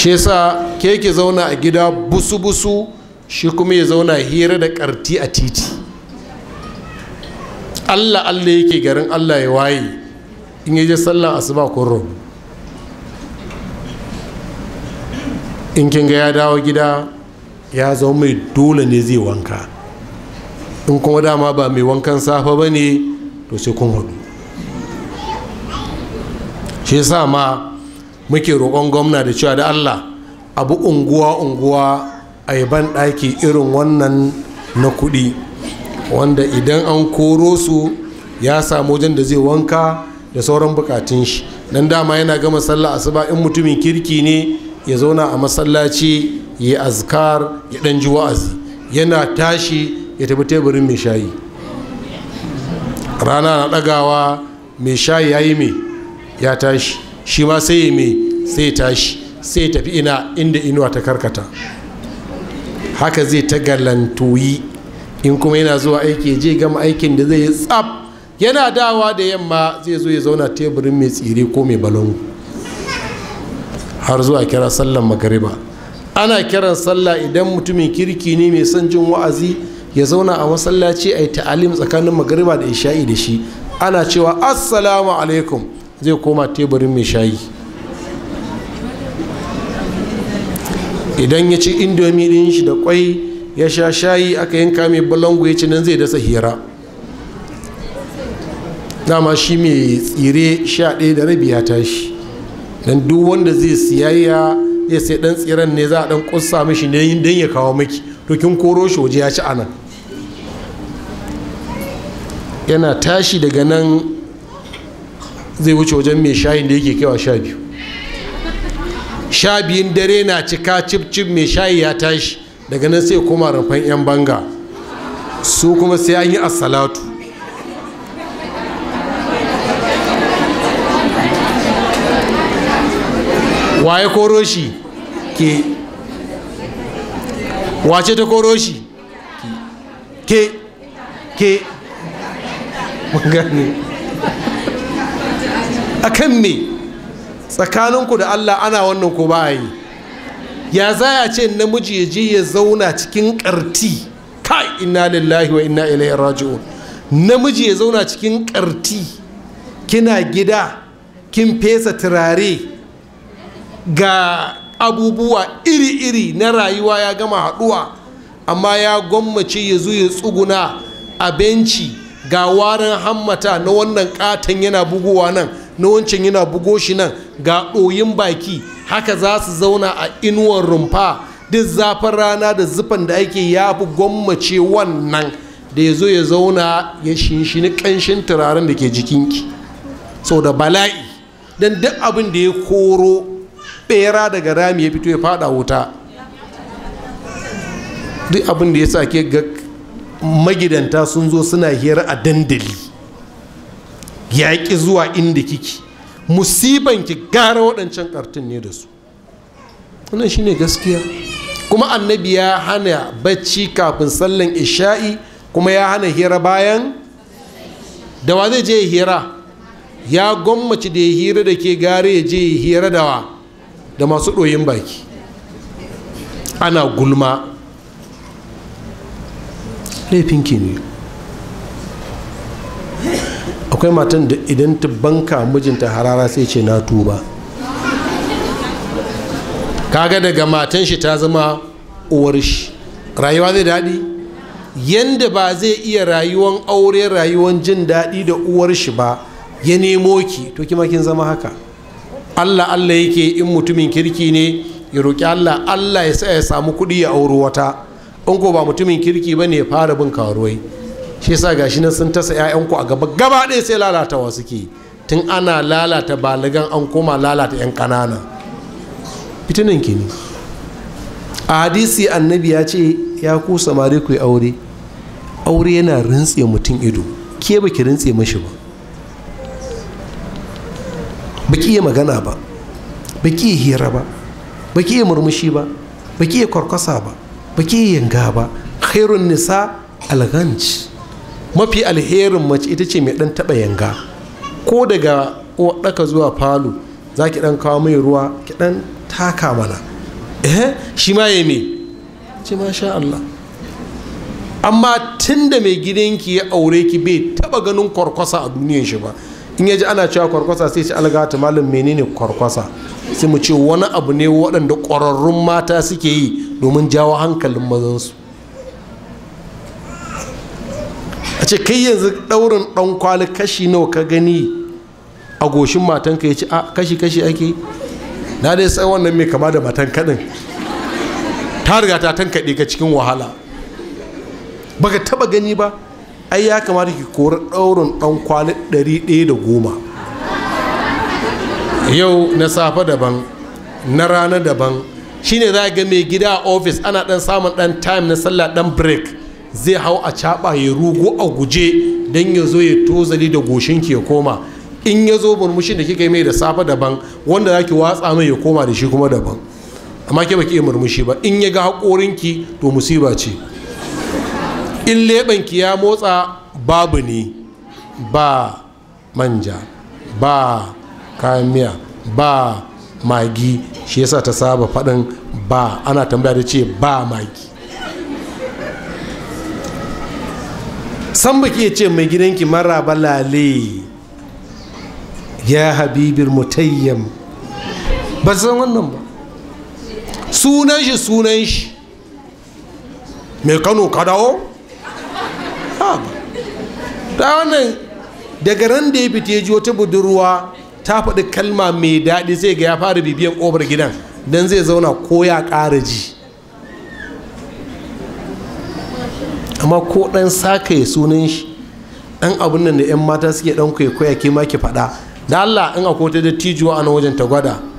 shi yasa ke ke zauna a gida busu-busu shi kuma ya zauna hira da karti a titi allah allah yake garin allah ya waye in yaje sallan asuba kurro in kin ya dawo gida ya zama mai dole ne zai wanka in kuma dama ba mai wankan safa ba ne to sai kun hudu shi yasa ma muke roƙon gwamna da cewa da allah abu unguwa unguwa a yi ɗaki irin wannan na kuɗi wanda idan an koro su ya samu wajen da zai wanka da sauran bukatun shi dan dama yana gama sallah asuba in mutumin kirki ne ya zauna a masallaci ya azkar ya dan ji wa'azi yana tashi ya tafi teburin mai shayi rana na ɗagawa mai shayi ya yi mai ya tashi shi ma sai mai sai tashi sai tafi ina inda inuwa ta karkata haka zai ta galantoyi in kuma yana zuwa aiki je gama aikin da zai yi tsaf yana dawa da yamma zai zo ya zauna teburin mai tsire ko mai balon har zuwa kira sallan magariba ana kiran sallah idan mutumin kirki ne mai son jin wa'azi ya zauna a masallaci a yi ta'alim tsakanin magariba da isha'i da shi ana cewa assalamu alaikum zai koma teburin mai shayi idan ya ci indomi ɗin shi da kwai ya sha shayi aka yanka mai balangu ya ci nan zai dasa hira dama shi mai tsire sha ɗaya da rabi ya tashi don duk wanda zai siyayya ya sai ɗan tsiren ne za a ɗan ƙusa mashi ne don ya kawo maki to kin koro shi waje ya ci anan yana tashi daga nan zai wuce wajen mai shayin da yake kaiwa sha biyu sha biyun dare na cika cibcib mai shayi ya tashi daga nan sai koma rafan 'yan banga su kuma sai an yi asalatu waye koro shi ke wace ta koro shi ke ke a kan me tsakaninku da allah ana wannan ku bayi ya za a ce namiji ya je ya zauna cikin karti kai inna lillahi wa inna raji'un namiji ya zauna cikin karti kina gida kin fesa turare ga abubuwa iri-iri na rayuwa ya gama haɗuwa amma ya gwammace ya zo ya tsuguna a benci ga warin hammata na wannan katon yana buguwa nan na wancan yana bugo shi nan ga ɗoyin baki haka za su zauna a inuwar rumfa duk zafin rana da zufan da ake ya fi gwammace wannan da ya zo ya zauna ya shinshini ƙanshin turaren da ke jikinki sau da bala'i don duk abin da ya koro ɓera daga rami ya fito ya fada wuta duk abin da ya sake ga magidanta sun zo suna hira a dandali ya zuwa inda kiki musiban ki gara waɗancan ƙartin ne da su wannan shine gaskiya kuma annabi ya hana bacci kafin sallan isha'i kuma ya hana hira bayan da wa zai je ya hira ya gwammaci da ya hira da ke gare ya je ya hira da wa da masu ɗoyin baki ana gulma laifin ne akwai matan da idan ta banka mijinta harara sai ce na tuba kaga daga matan shi ta zama uwar shi rayuwa zai daɗi yanda ba zai iya rayuwan aure rayuwan jin daɗi da uwar shi ba ya nemo ki to kima kin zama haka allah allah yake in mutumin kirki ne ya roƙi allah allah ya sa ya samu kuɗi ya auri wata in ko ba mutumin kirki ba ne ya fara bin karuwai shi yasa gashi nan sun tasa 'ya'yanku a gaba gaba ɗaya sai lalatawa suke tun ana lalata baligan an koma lalata 'yan ƙanana fitinin ki ne a hadisi annabi ya ce ya ku samari ku aure aure yana rintse mutum ido ke ba ki rintse mashi ba ba ki iya magana ba ba ki iya hira ba ba ki iya murmushi ba ba ki iya kwarkwasa ba ba ki iya yanga ba khairun nisa alganci mafi alherin mace ita ce mai ɗan taba yanga ko daga waɗaka zuwa falo za ki ɗan kawo mai ruwa ki ɗan taka mana eh shi ma ya ce masha Allah amma tun da mai gidanki ya aure ki bai taba ganin kwarkwasa a duniyan shi ba in ya ji ana cewa kwarkwasa sai ci algata malam menene kwarkwasa sai mu ce wani abu ne waɗanda ƙwararrun mata suke yi domin jawo hankalin mazansu a ce kai yanzu ɗaurin ɗan kwali kashi nawa ka gani a goshin matanka ya ce a kashi kashi ake na dai sai wannan mai kama da matan kadin ta riga ta tankaɗe ka cikin wahala baka taba gani ba ai ya kamata ki kori ɗaurin ɗan kwali ɗari ɗaya da goma yau na safe daban na rana daban shine za ga mai gida a ofis ana dan samun dan time na sallah dan break zai hau a caɓa ya rugu a guje don ya zo ya tozali da goshin ki ya koma in ya zo murmushin da kika yi mai da safe daban wanda za ki watsa mai ya koma da shi kuma daban amma ke baki iya murmushi ba in ya ga haƙorinki to musiba ce in leɓanki ya motsa babu ne ba manja ba kayan miya ba magi shi yasa ta saba faɗin ba ana tambaya da ce ba magi san baki ya ce mai gidanki mara balale ya habibir mutayyam ba san wannan ba sunan shi sunan shi mai kano ka dawo ta wannan daga ran da ya fita ji wata budurwa ta faɗi kalma mai daɗi sai ga ya fara bibiyan ƙofar gidan don zai zauna ko ya ƙara ji amma ko dan saka ya sunan shi dan abun nan da yan mata suke dan kwaikwaya ke ma ki faɗa da Allah in akwai ta dattijuwa a wajen ta gwada